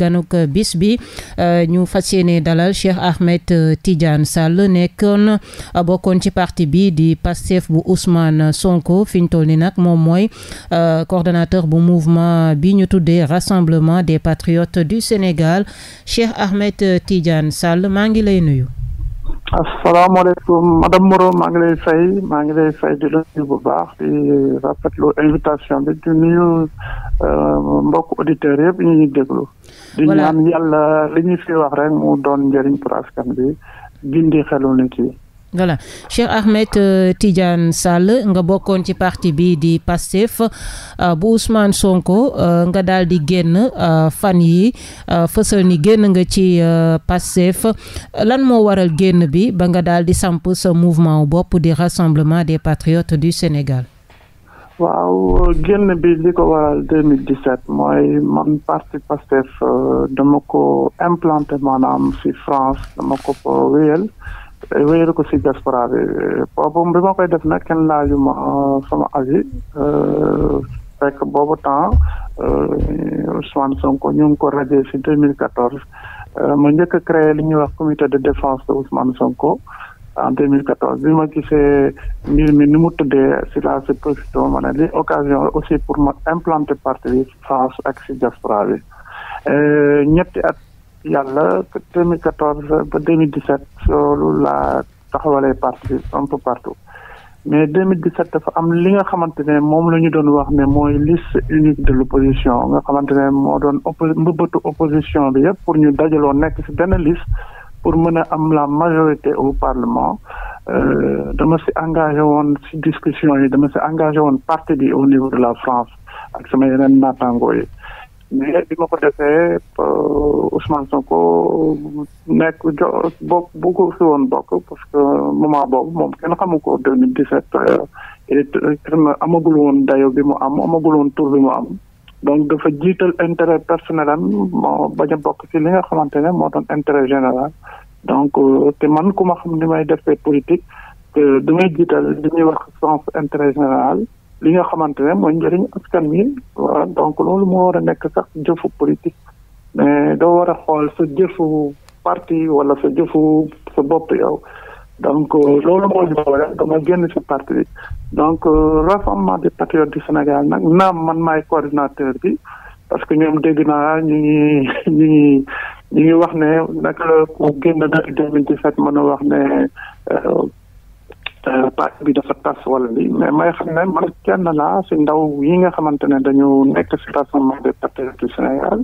ganuk bis bi euh, ñu fas yéene dalal Cheikh Ahmed euh, Tidiane Sall nekkoon euh, bokkoon ci parti bi di Pastef bu Ousmane Sonko fi ñu toll ni nag moom mooy coordonnateur bu mouvement bi ñu tuddee rassemblement des patriotes du Sénégal Cheikh Ahmed Tidiane Sall maa ngi lay nuyu asalaamaaleykum madame Moreau maa ngi lay fay maa ngi lay fay di la nuyu bu baax di rafetlu invitation bi di nuyu mbokk auditeurs yëpp ñu ngi déglu di ñaan yàlla li ñu fi wax rek mu doon njëriñ pour askan bi gindi xelu nit yi voilà Cheikh Ahmed euh, Tidiane Sall nga bokkoon ci parti bi di Pastef euh, bu Ousmane Sonko euh, nga daal di génn euh, fan yi euh, fësal ni génn nga ci euh, Pastef lan moo waral génn bi ba nga daal di samp sa mouvement bopp di rassemblement des patriotes du Sénégal waaw génn bi li ko waral 2017 mooy man parti Pastef euh, dama ko implanté maanaam ci France dama ko ko wéyal wéyal ko ci diaspora bi boobu bi koy def nag kenn laaju ma euh, sama avis euh, fekk boobu temps Ousmane Sonko ñu ngi ko radié ci 2014 ma njëkk a créé li ñuy wax comité de défense de Ousmane Sonko. en 2014 bi ma gisee mbir mi ni mu tëddee si laa si profité ma ne li occasion aussi pour ma implanter parti bi France ak si diaspora bi euh, ñetti at yàlla 2014 ba 2017 loolu la taxawalee parti bi un peu partout mais 2017 dafa am li nga xamante ne moom la ñu doon wax ne mooy liste unique de l' nga xamante ne moo doon oppo mbëbëtu opposition bi yëpp pour ñu dajaloo nekk si benn liste. pour mën a am la majorité au parlement euh, dama si engage woon si discussion yi dama si engagé woon parti bi au niveau de la France ak sama yeneen naataango yi mais bi ma ko defee euh, Ousmane Sonko nekk jo bokk bu ko woon bokk parce que moment boobu moom kenn xamu ko 2017 euh, amagul woon dayo bi mu am amagul woon tour bi mu am donc dafa jiital intérêt personnel am moo bañ a bokk ci li nga xamante ne moo doon intérêt général donc euh, te man ku ma xam ni may defee politique te du may jiital li wax sens intérêt général li nga xamante ne mooy njëriñ askan wi donc loolu moo war a nekk sax jëfu politique mais doo war a xool sa jëfu parti wala sa jëfu sa bopp yow donc euh, loolu moo ñu waral dama génn ci parti bi donc euh, rassemblement des patriotes du Sénégal nag naam man maay coordinateur bi parce que ñoom dégg naa ñu ngi ñu wax ne naka ku génn depuis deux mille dix-sept mën a wax ne euh, parti bi dafa tas wala li mais may xam ne man kenn laa si ndaw yi nga xamante ne dañu nekk si rassemblement des patriotes du Sénégal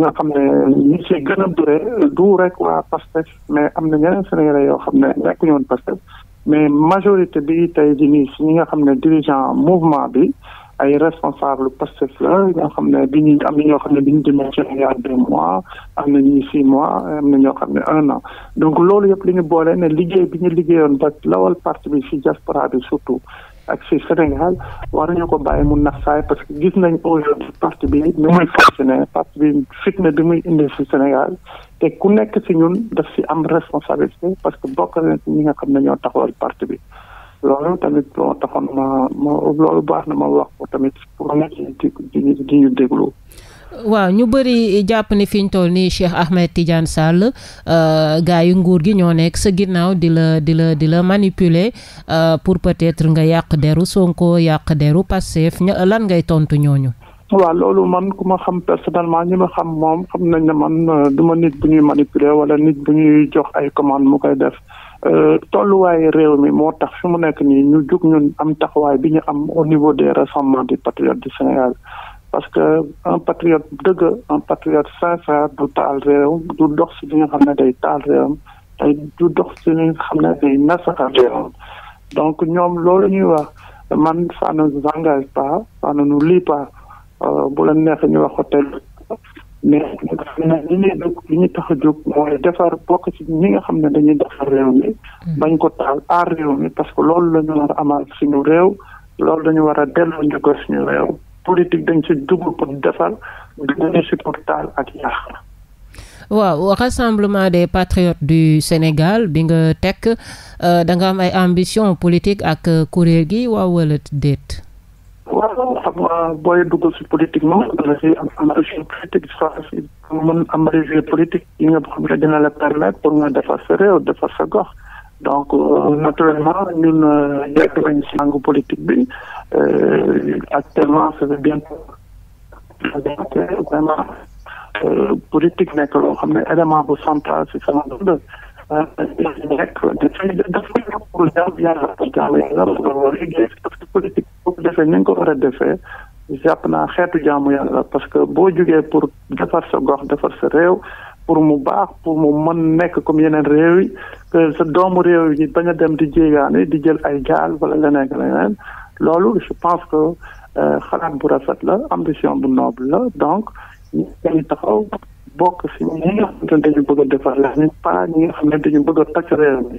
nga xam ne ñi gën a dure du rek waa Pastef mais am na ñeneen Sénégalais yoo xam ne nekkuñu woon Pastef mais majorité bi tey di nii si ñi nga xam ne dirigeant mouvement bi ay responsable Pastef la ñoo xam ne bi ñu am na ñoo xam ne bi ñu demee ci il a deux mois am na ñuy six mois am na ñoo xam ne un na donc loolu yëpp li ñu boole ne liggéey bi ñu liggéeyoon ba lawal parti bi ci diaspora bi surtout ak si Sénégal war nañu ko bàyyi mu naxsaay parce que gis nañ aujourd'hui parti bi ni muy fonctionné parti bi fitna bi muy indi ci Sénégal te ku nekk ci ñun def si am responsabilité parce que bokk ñi nga xam ne ñoo taxawal parti bi loolu tamit moo taxoon ma loolu baax na ma wax tamit di ñu déglu. waaw ñu bëri jàpp ni fi ñu toll nii Cheikh Ahmed Tidiane Sall euh, gars yu nguur gi ñoo nekk sa ginnaaw di la di la di la manipuler euh, pour peut-être nga yàq deru Sonko yàq deru Pastef lan ngay tontu ñooñu. waaw loolu man ku ma xam personnellement ñi ma xam moom xam nañ ne man euh, du ma nit bu ñuy manipuler wala nit bu ñuy jox ay commande mu koy def. Euh, tolluwaay réew mi moo tax fi mu nekk nii ñu jug ñun am taxawaay bi ñu am au niveau des rassemblements des patriotes du Sénégal parce que un patriote dëgg un patriote sincère du taal réew du dox si li nga xam ne day taal réewam du dox si xam ne day donc ñoom loolu ñuy wax man ça ne nous engage pas ça ne nous lie pas euh, bu la neexee ñu wax hôtel mais li ñuy li ñu tax a jóg mooy defar bokk ci ñi nga xam ne dañuy defar réew mi mm. bañ ko taal aar réew mi parce que loolu lañu ñu war a amal suñu réew loolu dañu war a delloo njukkal suñu réew politique dañ ci dugg pour defar dañu si pour taal ak yàq waaw rassemblement des patriotes du Sénégal bi nga tekk euh, da nga ay ambition politique ak euh, kuréel gi waaw wala déet waaw xam nga booy dugg si politique moom dana si am am rejet politique soit si mën am rejet politique yi nga xam ne dina la permettre pour nga defar sa réew defar sa gox donc euh, naturellement ñun euh, yàgg nañ si langue politique bi euh, actuellement ça fait bien vraiment politique nekk loo xam ne élément bu central si sama dund dafay daal yàlla jaamu yàlla loolu liggéey parce que politique boobu defee ni nga ko war a defee jàpp naa xeetu jaamu yàlla parce que boo jógee pour defar sa gox defar sa réew pour mu baax pour mu mën nekk comme yeneen réew yi que sa doomu réew yi bañ a dem di jéegaane di jël ay gaal wala leneen leneen loolu je pense que xalaat bu rafet la ambition bu noble la donc ñu taxaw bokk si ñi nga xamante ne dañu bëgg a defar la ñu pas ñi nga xam ne dañu bëgg a toj réew mi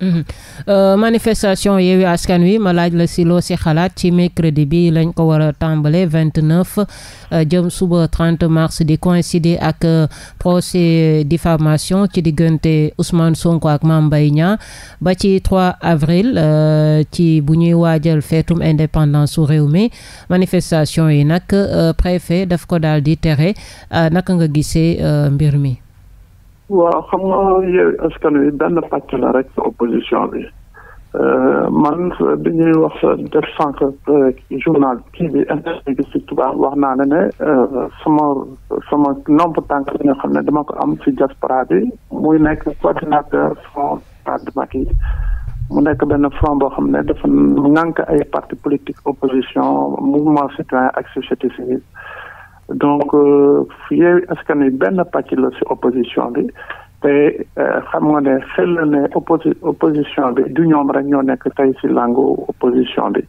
Mhm. Euh, manifestation Yewwi Askan Wi ma laaj la si loo si xalaat ci mercredi bi lañ ko war a tàmbale vingt neuf euh, jëm suba trente mars di coïncider ak euh, procès diffamation ci diggante Ousmane Sonko ak Mame Mbaye Niang ba ci 3 avril ci bu ñuy waajal feetum indépendance su réew mi manifestation yi nag préfet daf ko daal di tere naka nga gisee mbir mi. waaw xam nga Yewwi Askan Wi benn pàcc la rek opposition bi euh, man euh, bi ñuy wax euh, def sànq journal kii bi interview bi si tubaab wax naa ne ne sama sama nombre tànk bi nga xam ne dama ko am ci diaspora bi muy nekk coordinateur front de Macky mu nekk benn front boo xam ne dafa ŋànk ay parti politique opposition mouvement citoyen ak société civile donc euh, Yewwi Askan Wi benn pàcc la si opposition bi te euh, xam nga ne xel ne opposi opposition bi du ñoom rek ñoo nekk tey si langue opposition bi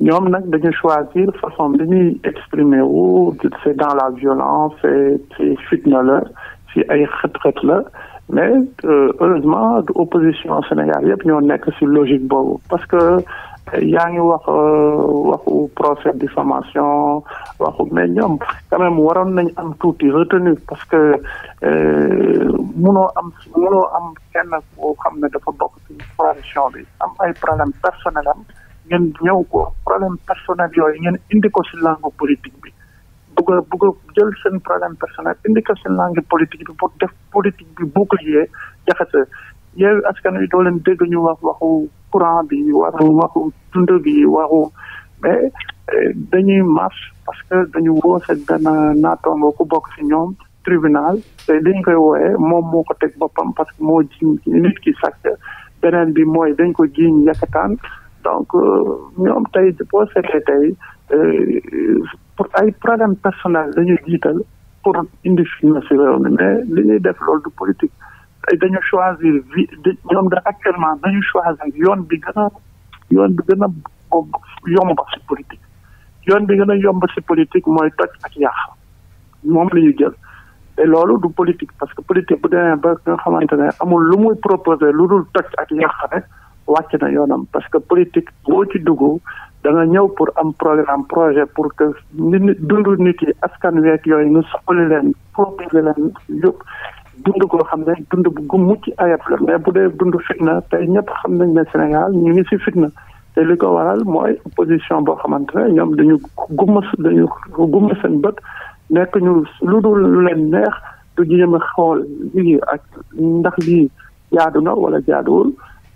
ñoom nag dañu choisir façon bi ñuy exprimer wu c'est dans la violence et ci fitna la ci ay xët-xët la mais euh, heureusement oposition Sénégal yëpp ñoo nekk ci logique boobu parce que yaa ngi wax euh, waxu procès diffamation waxu mais ñoom quand même waroon nañ am tuuti retenu parce que euh, munoo am munoo am kenn koo xam ne dafa bokk ci coalition bi am ay problème personnel am ngeen ñëw ko problème personnel yooyu ngeen indi ko si langue politique bi bugg a jël seen problème personnel indi ko si langue politique bi pour def politique bi bouclier jaxase yow askan wi doo leen dégg ñu wax waxu courant bi waxu waxu dund bi waxu mais eh, dañuy marche parce que dañu woo sa benn naataango ku bokk ci ñoom tribunal te dañ koy wooyee moom moo ko teg boppam parce que moo jiñ nit ki sàcc beneen bi mooy dañ ko jiiñ yakataan donc euh, ñoom tey boo seetlee tey eh, pour ay problème personnel dañuy jiital pour indi fitna ci réew mi mais li ñuy def loolu du politique dañu choisir vi ñoom da actuellement dañu choisir yoon bi gën a yoon bi gën a yomb ci politique yoon bi gën a yomb si politique mooy toj ak yàq moom la ñu jël te loolu du politique parce que politique bu demee ba nga xamante ne amul lu mu proposer lu dul toj ak yàq rek wàcc na yoonam parce que politique boo ci dugg danga ñëw pour am programme projet pour que nit dund nit yi askan week yooyu nga soxali leen proposer leen dund koo xam ne dund gu mucc ayib la mais bu dee dund fitna tey ñëpp xam nañ ne Sénégal ñu ngi si fitna te li ko waral mooy opposition boo xamante ne ñoom dañu gumma dañu gumma seen bët nekk ñu lu dul lu leen neex du jéem a xool lii ak ndax lii jaadu na wala jaaduwul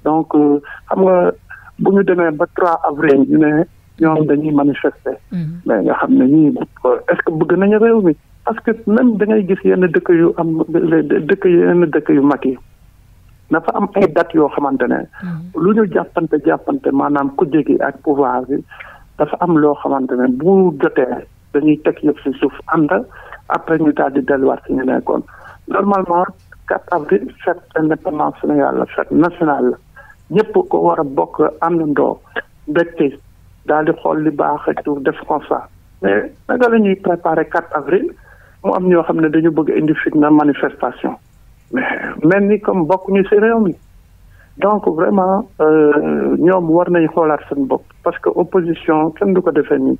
donc euh, xam nga bu ñu demee ba 3 avril ñu ne ñoom dañuy manifester mm-hmm. mais nga xam ne ñii est-ce que bëgg nañu réew mi parce que même da ngay gis yenn dëkk yu am dëkk yenn dëkk yu mag yi dafa am ay date yoo xamante ne mm. lu ñu jàppante jàppante maanaam kujje gi ak pouvoir bi dafa am loo xamante ne bu jotee dañuy teg yëpp si suuf ànd après ñu daal di delluwaat si ñu nekkoon normalement 4 avril fête indépendance Sénégal la fête ñëpp ko war a bokk àndandoo mbégte daal di xool li baax ak def constat mais naka la ñuy préparer avril mu am ñoo xam ne dañu bëgg indi fitna manifestation mais mel ni comme bokkuñu ci réew mi donc vraiment euh, ñoom war nañ xoolaat seen bopp parce que opposition kenn du ko defee nii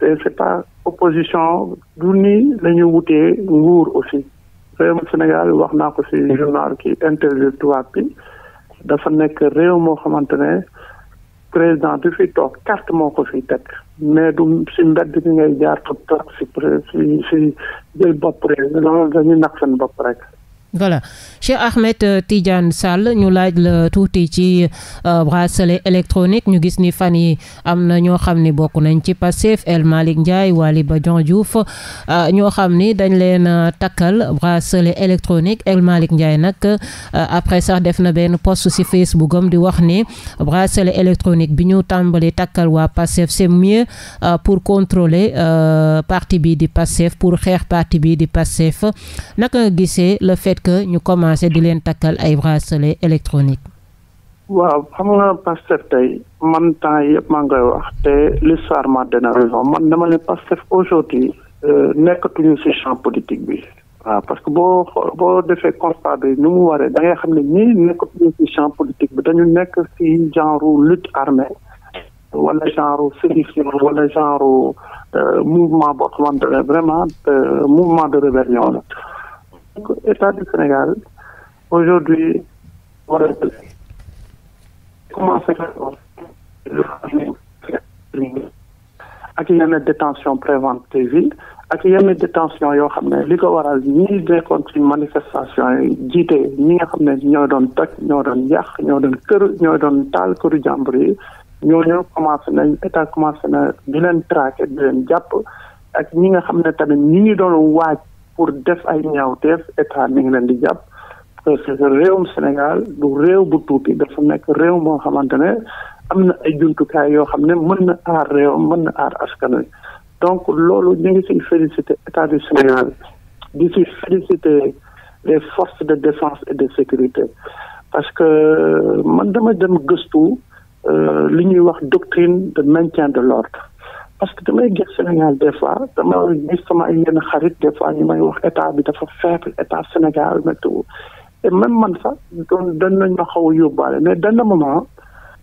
te c'est pas opposition du nii la ñu nguur aussi réewum Sénégal wax naa ko ci journal ki interview tubaab bi dafa nekk réew moo xamante ne président bi fi toog carte moo ko fiy teg mais du si mbedd bi ngay jaar pour si si jël bopp rek loolu dañuy nax seen bopp rek voilà Cheikh Ahmed euh, Tidiane Sall ñu laaj la tuuti ci euh, bracelet électronique ñu gis ni fan yi am na ñoo xam ni bokk nañ ci Pastef El Malick Ndiaye Waly Badian Diouf euh, ñoo xam ni dañ leen takkal bracelet électronique El Malick Ndiaye nag après sax def na benn post si Facebook am di wax ni bracelet électronique bi ñu tàmbali takkal waa Pastef c'est mieux pour contrôler parti bi di Pastef pour xeex parti bi di Pastef naka gisee le fait fait ñu commencé di leen takkal ay bracelet électronique waaw xam nga Pastef tey man temps yëpp maa ngi koy wax te l'histoire de na raison man dama ne Pastef aujourd'hui euh, nekkatuñu ci champ politique bi waaw parce que boo boo defee constat bi ni mu waree da ngay xam ne ñii nekkatuñu ci champ politique bi dañu nekk ci genre lutte armée wala genre sédition wala genre euh, mouvement boo xamante ne vraiment euh, mouvement de rébellion la État du Sénégal aujourd'hui war a commencé ak yenn détention préventive yi ak yenn détention yoo xam ne li ko waral ñii nekkoon ci manifestation yi jiite ñi nga xam ne ñoo doon toj ñoo doon yàq ñoo doon kër ñoo doon taal këru jàmbur yi ñooñu commencé nañ état commencé na di leen traqué di leen jàpp ak ñi nga xam ne tamit ñi ngi doon waaj pour def ay ñaawteef état mi ngi leen di jàpp parce que réewum Sénégal du réew bu tuuti dafa nekk réew moo xamante ne am na ay jumtukaay yoo xam ne mën na aar réewam mën na aar askan wi donc loolu ñu ngi siy félicité état du Sénégal di si félicité des forces de défense et de sécurité parce que euh, man dama dem gëstu euh, li ñuy wax doctrine de maintien de l'ordre parce que damay gis Sénégal des fois dama gis sama yenn xarit des fois ñu may wax état bi dafa faible état Sénégal métti et même man sax doon dañ nañ ma xaw a yóbbaale mais benn moment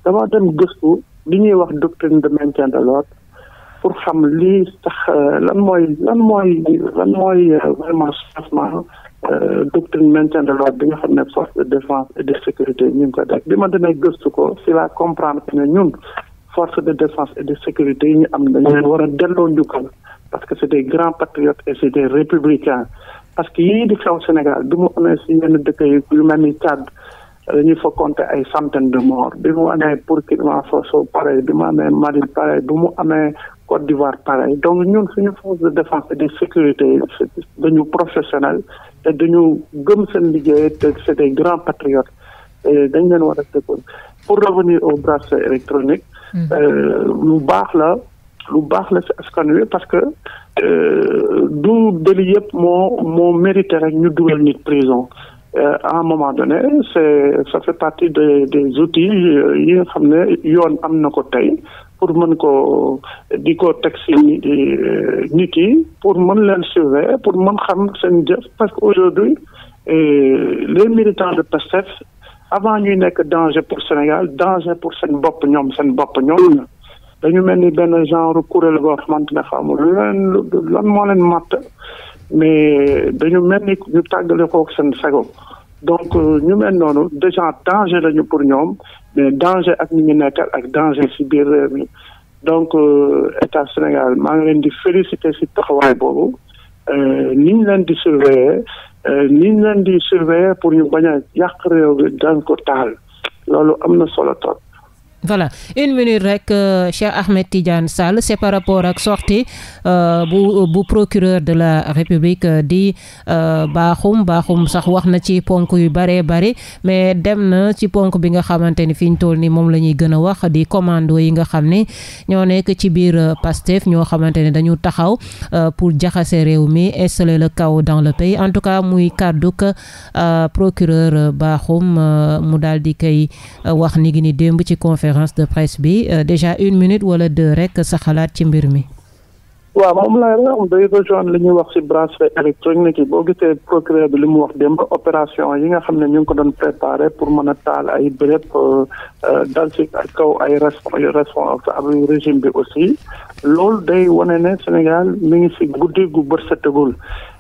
dama dem gëstu li ñuy wax doctrine de maintien de l'ordre pour xam lii sax euh, lan mooy lan mooy lan mooy euh, vraiment changement euh, doctrine maintien de l'ordre bi nga xam ne force de défense et de sécurité ñu ngi ko def bi ma demee gëstu ko ci la comprendre que ne ñun forces de défense et de sécurité yi ñu am dañu leen war a delloo njukkal parce que c'est des grands patriotes et c'est des républicains parce que yii di xew Sénégal bi mu amee si yenn dëkk yu mel ni Tchad dañuy fa compter ay centaines de morts bi mu amee Burkina soo pareil bi mu amee Mali pareil bi mu amee Côte d'Ivoire pareil donc ñun suñu force de défense et de sécurité dañu professionnel te dañu gëm seen liggéey te c'est des grands patriotes dañ leen war pour revenir Hmm. Euh, lu baax la lu baax la si askan wi parce que euh, du délit yëpp moo moo mérité rek ñu dugal nit prison euh, à un moment donné c'est ça fait partie des des outils yi nga xam ne yoon am na ko tey pour mën ko di ko teg si nit yi pour mën leen surveiller pour man xam seen jëf parce que aujourd'hui les militants de PASTEF avant ñuy nekk danger pour Sénégal danger pour seen bopp ñoom seen bopp ñoom dañu mel ni benn genre kuréel boo xamante ne xamul leen lan moo leen matt mais dañu mel ni ñu tàggale ko seen sago donc euh, ñu mel noonu déjà danger lañu pour ñoom mais danger ak ñu ngi ak danger ci biir réew mi donc euh, état Sénégal maa ngi leen di féliciter ci taxawaay boobu euh, ni leen di surveiller Euh, ni ñu leen di surveiller pour ñu bañ a yàq réew bi daan ko taal loolu am na solo trop voilà une minute rek euh, Cheikh Ahmed Tidiane Sall c'est par rapport ak sortie euh, bu bu procureur de la République euh, di baaxum baaxum sax wax na ci ponk yu bare bari mais dem na ci ponk bi nga xamante ni fi ñu toll ni moom la ñuy gën a wax di commando yi nga xam ni ñoo nekk ci biir Pastef ñoo xamante ni dañu taxaw pour jaxase réew mi installer la kaw dans la pays en tout cas muy kàdduk procureur baaxum mu daal di kay wax ni gi démb ci conférence conférence de presse bi euh, déjà une minute wala deux rek sa xalaat ci mbir mi. waa moom laa nga xam day rejoindre li ñuy wax ci bracelet électronique yi boo gisee procureur bi li mu wax démb opération yi nga xam ne ñu ngi ko doon préparé pour mën a taal ay béréb euh, euh, dal ci kaw ay responsable régime bi aussi loolu day wane ne Sénégal mi ngi si guddi gu bët setagul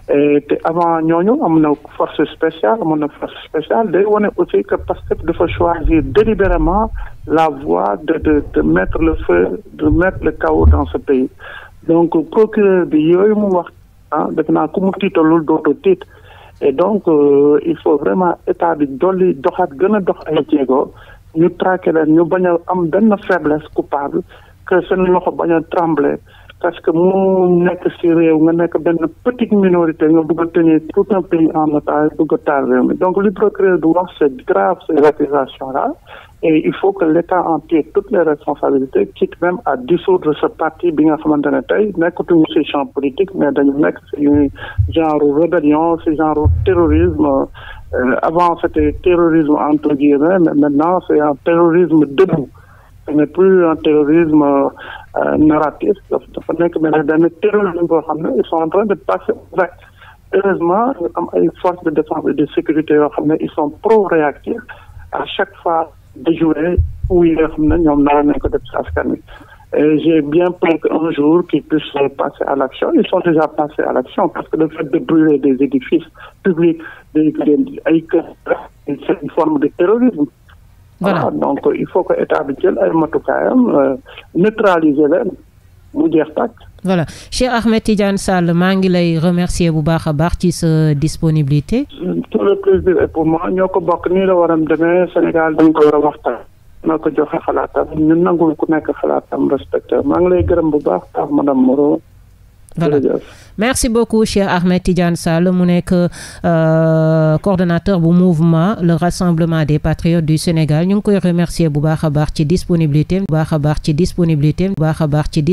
Euh, te avant ñooñu am na force spéciale amoon na force spéciale day wane aussi que dafa choisir délibérément la voie de de de mettre le feu de mettre le chaos dans ce pays donc procureur bi yooyu mu wax ah def naa ku mu tiitalul dootu tiit et donc euh, il faut vraiment état bi dolli doxaat gën a dox ay ñu traqué leen ñu bañ a am benn faiblesse coupable que seen loxo bañ a tremblé parce que moom nekk ci réew nga nekk benn petite minorité nga bëgg a tenir tout un pays en otage bëgg a taal réew donc li procureur du c'est grave ces accusations là et il faut que l'État en tire toutes les responsabilités quitte même à dissoudre ce parti bi nga xamante ne tey nekkatuñu ci champ politique mais dañu nekk ci genre rébellion ci genre terrorisme euh, avant c'était terrorisme entre guillemets mais maintenant c'est un terrorisme debout narratif dafa nekk benn benn terrorisme boo xam ne ils sont en train de passer aux heureusement ñu am ay forces de défense et de sécurité yoo xam ne ils sont pro réactifs à chaque fois de jouer où yi nga xam ne ñoom nar nañ ko def si askan wi et j'ai bien peur qu'un jour qu'ils puissent passer à l'action ils sont déjà passés à l'action parce que le fait de brûler des édifices publics des ay kër c'est forme de terrorisme voilà ah, donc il faut que état bi jël ay matukaayam euh, neutraliser leen mu jeex tàkk. voilà Cheikh Ahmed Tidiane Sall maa ngi lay remercier bu baax a baax ci sa disponibilité. tout le plaisir est ñoo ko bokk nii la war a demee Sénégal dañ ko war a waxtaan. noo ko joxe xalaatam ñun nangul ku nekk xalaatam respecté maa ngi lay gërëm bu baax tax madame Moreau. voilà merci beaucoup Cheikh Ahmed Tidiane Sall mu nekk euh, coordonnateur bu mouvement le rassemblement des patriotes du Sénégal ñu ngi koy remercier bu baax a baax ci disponibilité bu baax a baax ci disponibilité bu baax a baax ci